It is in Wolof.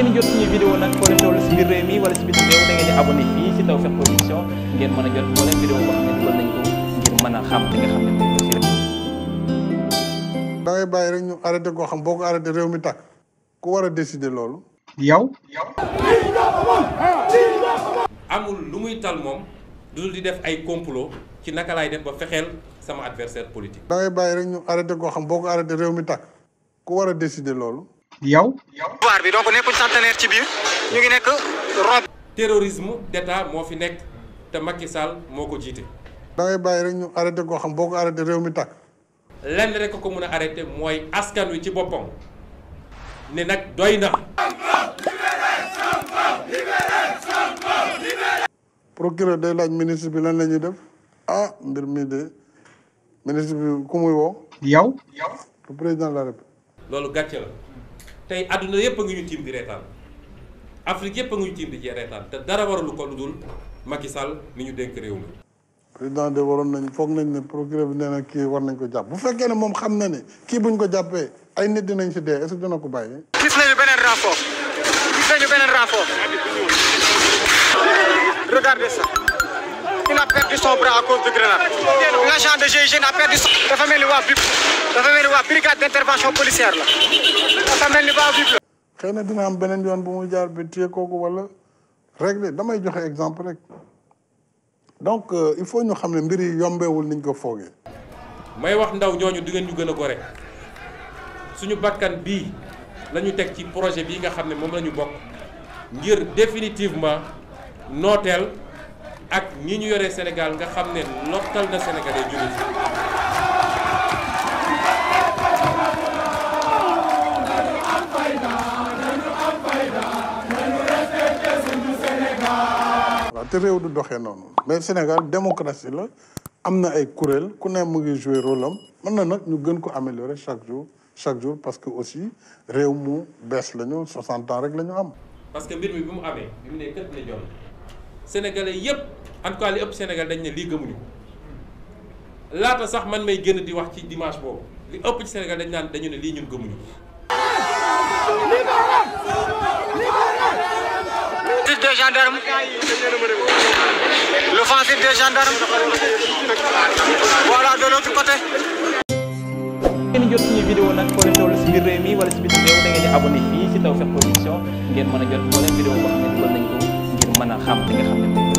ngeen jot a jot moo leen bàyyi rek ñu arrêté koo xam boo ko arrêté réew mi tàkk ku war a décider loolu. yow. amul lu muy tal moom dul di def ay complot ci naka laay def ba fexeel sama adversaire politique. da ngay bàyyi rek ñu arrêté koo xam boo ko arrêté réew mi takk ku war a décider loolu. yow. pouvoir bi donc nekkul centenaire ci biir ñu ngi nekk rob. terrorisme d'État moo fi nekk te Macky Sall moo ko jiite. da ngay bàyyi rek ñu arrêté koo xam boo ko arrêté réew mi tàkk. lenn rek ko mën a arrêté mooy askan wi ci boppam ne nag doy na. procureur day laaj ministre bi lan la ñuy def ah mbir mi de ministre ku muy woo. yow. le président de la loolu gàcce la. tey àdduna yépp a ngi ñu tiim di reetaan Afrique yépp a ngi ñu tiim di reetaan te dara waralu ko lu dul Macky Sall mi ñu dénk réew mi. président de waroon nañ foog nañ ne procureur bi nee na kii war nañ ko jàpp bu fekkee ne moom xam na ne kii buñ ko jàppee ay nit dinañ si dee est-ce que dina ko bàyyi. gis nañu beneen renfort gis nañu beneen renfort a perdu a perdu dafa mel ni waa BIP. quoi brigade d'intervention policière la dafa na dina am beneen yoon bu muy jaar ba téye kooku wala réglé damay joxe exemple rek donc euh, il faut ñu xam ne mbir yi yombeewul niñ ko foogee. may wax ndaw ñooñu di ngeen ñu gën a gore suñu bakkan bi la teg ci projet bii nga xam ne moom la ñu bokk ngir définitivement nooteel ak ñi ñu yore Sénégal nga xam ne lottal na Sénégalais ñu te réew du doxee noonu mais Sénégal démocratie la am na ay kuréel ku ne mu ngi jouer rôle am mën na nag ñu gën ko améliorer chaque jour chaque jour parce que aussi réew mu bees la ñu 60 ans rek la am. parce que mbir mi bi mu amee bi mu ne kër ne yëpp en tout ëpp Sénégal dañ ne lii laata sax man may gën di wax ci dimanche boobu li ëpp ci Sénégal dañ naan dañu ne lii ñun gëmuñu ko. des gendarmes. L'offensive des gendarmes. Voilà de l'autre côté. ngeen jot suñu vidéo nag foo leen toll si biir réew mi wala si biir réew da ngeen di abonné fii si Tawfekh Production ngeen mën a jot moo leen vidéo boo xam ne dugal nañ a xam li